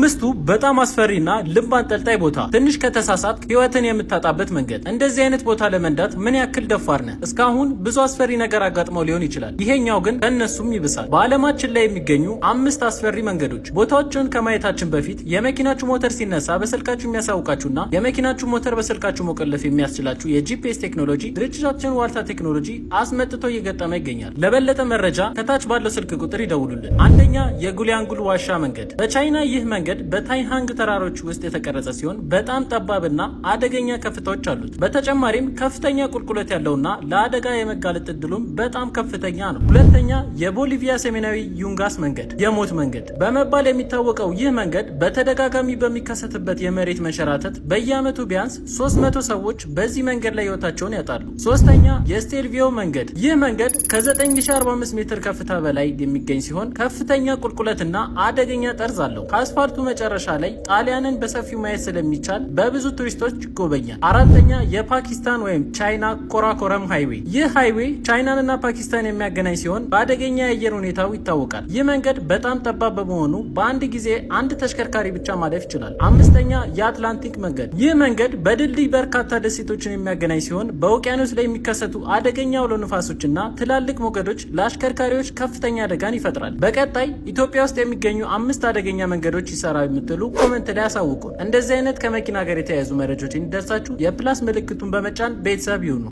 አምስቱ በጣም አስፈሪና ልብ አንጠልጣይ ቦታ፣ ትንሽ ከተሳሳት ህይወትን የምታጣበት መንገድ። እንደዚህ አይነት ቦታ ለመንዳት ምን ያክል ደፋር ነህ? እስካሁን ብዙ አስፈሪ ነገር አጋጥመው ሊሆን ይችላል። ይሄኛው ግን ከእነሱም ይብሳል። በዓለማችን ላይ የሚገኙ አምስት አስፈሪ መንገዶች። ቦታዎችን ከማየታችን በፊት የመኪናችሁ ሞተር ሲነሳ በስልካችሁ የሚያሳውቃችሁና የመኪናችሁ ሞተር በስልካችሁ መቆለፍ የሚያስችላችሁ የጂፒኤስ ቴክኖሎጂ ድርጅታችን ዋልታ ቴክኖሎጂ አስመጥቶ እየገጠመ ይገኛል። ለበለጠ መረጃ ከታች ባለው ስልክ ቁጥር ይደውሉልን። አንደኛ የጉሊያንጉል ዋሻ መንገድ በቻይና ይህ መንገድ መንገድ በታይሃንግ ተራሮች ውስጥ የተቀረጸ ሲሆን በጣም ጠባብና አደገኛ ከፍታዎች አሉት። በተጨማሪም ከፍተኛ ቁልቁለት ያለውና ለአደጋ የመጋለጥ እድሉም በጣም ከፍተኛ ነው። ሁለተኛ የቦሊቪያ ሰሜናዊ ዩንጋስ መንገድ የሞት መንገድ በመባል የሚታወቀው ይህ መንገድ በተደጋጋሚ በሚከሰትበት የመሬት መንሸራተት በየዓመቱ ቢያንስ 300 ሰዎች በዚህ መንገድ ላይ ህይወታቸውን ያጣሉ። ሶስተኛ የስቴልቪዮ መንገድ ይህ መንገድ ከ9045 ሜትር ከፍታ በላይ የሚገኝ ሲሆን ከፍተኛ ቁልቁለትና አደገኛ ጠርዝ አለው። ከአስፋልት በመጽሐፍቱ መጨረሻ ላይ ጣሊያንን በሰፊው ማየት ስለሚቻል በብዙ ቱሪስቶች ይጎበኛል። አራተኛ የፓኪስታን ወይም ቻይና ኮራኮረም ሃይዌ። ይህ ሃይዌ ቻይናንና ፓኪስታን የሚያገናኝ ሲሆን በአደገኛ የአየር ሁኔታው ይታወቃል። ይህ መንገድ በጣም ጠባብ በመሆኑ በአንድ ጊዜ አንድ ተሽከርካሪ ብቻ ማለፍ ይችላል። አምስተኛ የአትላንቲክ መንገድ። ይህ መንገድ በድልድይ በርካታ ደሴቶችን የሚያገናኝ ሲሆን በውቅያኖስ ላይ የሚከሰቱ አደገኛ አውሎ ንፋሶችና ትላልቅ ሞገዶች ለአሽከርካሪዎች ከፍተኛ አደጋን ይፈጥራል። በቀጣይ ኢትዮጵያ ውስጥ የሚገኙ አምስት አደገኛ መንገዶች እንዲሰራ የምትሉ ኮመንት ላይ አሳውቁን። እንደዚህ አይነት ከመኪና ጋር የተያያዙ መረጃዎች እንዲደርሳችሁ የፕላስ ምልክቱን በመጫን ቤተሰብ ይሁኑ።